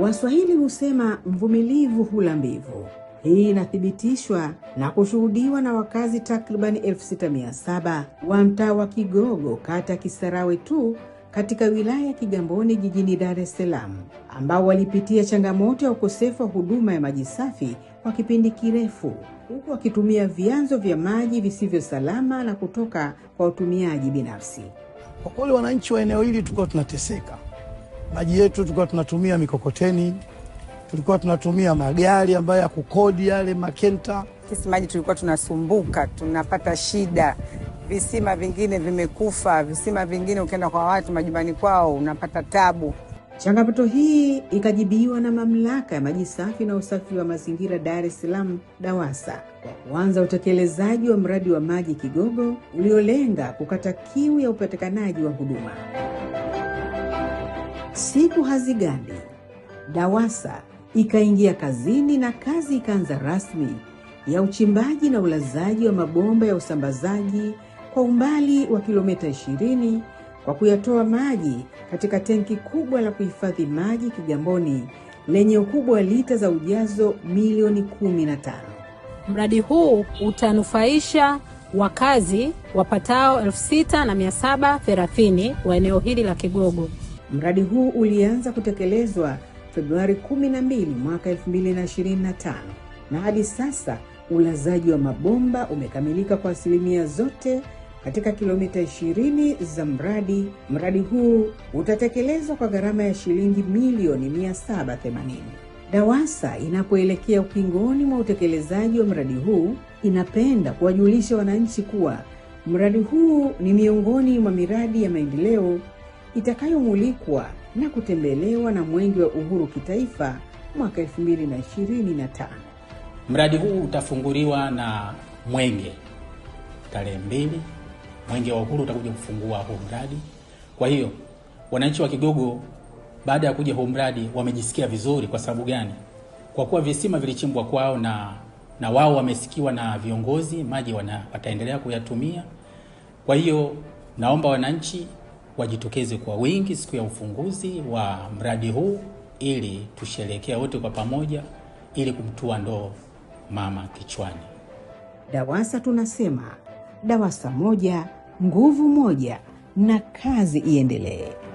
Waswahili husema mvumilivu hula mbivu. Hii inathibitishwa na kushuhudiwa na wakazi takribani 6700 wa mtaa wa Kigogo, kata ya Kisarawe tu katika wilaya ya Kigamboni jijini Dar es Salaam, ambao walipitia changamoto ya ukosefu wa huduma ya maji safi kwa kipindi kirefu, huku wakitumia vyanzo vya maji visivyo salama na kutoka kwa utumiaji binafsi. Kwa kweli, wananchi wa eneo hili tulikuwa tunateseka maji yetu tulikuwa tunatumia mikokoteni, tulikuwa tunatumia magari ambayo ya kukodi yale makenta. Sisi maji tulikuwa tunasumbuka, tunapata shida. Visima vingine vimekufa, visima vingine ukienda kwa watu majumbani kwao unapata tabu. Changamoto hii ikajibiwa na mamlaka ya maji safi na usafi wa mazingira Dar es Salaam, DAWASA, kwa kuanza utekelezaji wa mradi wa maji Kigogo uliolenga kukata kiu ya upatikanaji wa huduma. Siku hazigandi, DAWASA ikaingia kazini na kazi ikaanza rasmi ya uchimbaji na ulazaji wa mabomba ya usambazaji kwa umbali wa kilomita 20 kwa kuyatoa maji katika tenki kubwa la kuhifadhi maji Kigamboni lenye ukubwa wa lita za ujazo milioni 15. Mradi huu utanufaisha wakazi wapatao 6730 wa eneo hili la Kigogo. Mradi huu ulianza kutekelezwa Februari 12 mwaka 2025 na hadi sasa ulazaji wa mabomba umekamilika kwa asilimia zote katika kilomita 20 za mradi. Mradi huu utatekelezwa kwa gharama ya shilingi milioni 780. DAWASA inapoelekea ukingoni mwa utekelezaji wa mradi huu, inapenda kuwajulisha wananchi kuwa mradi huu ni miongoni mwa miradi ya maendeleo itakayomulikwa na kutembelewa na Mwenge wa Uhuru kitaifa mwaka 2025. Mradi huu utafunguliwa na Mwenge tarehe mbili. Mwenge wa Uhuru utakuja kufungua huu mradi. Kwa hiyo wananchi wa Kigogo baada ya kuja huu mradi wamejisikia vizuri. Kwa sababu gani? Kwa kuwa visima vilichimbwa kwao na na wao wamesikiwa na viongozi, maji wataendelea kuyatumia. Kwa hiyo naomba wananchi wajitokeze kwa wingi siku ya ufunguzi wa mradi huu ili tusherehekea wote kwa pamoja ili kumtua ndoo mama kichwani. DAWASA tunasema DAWASA moja, nguvu moja na kazi iendelee.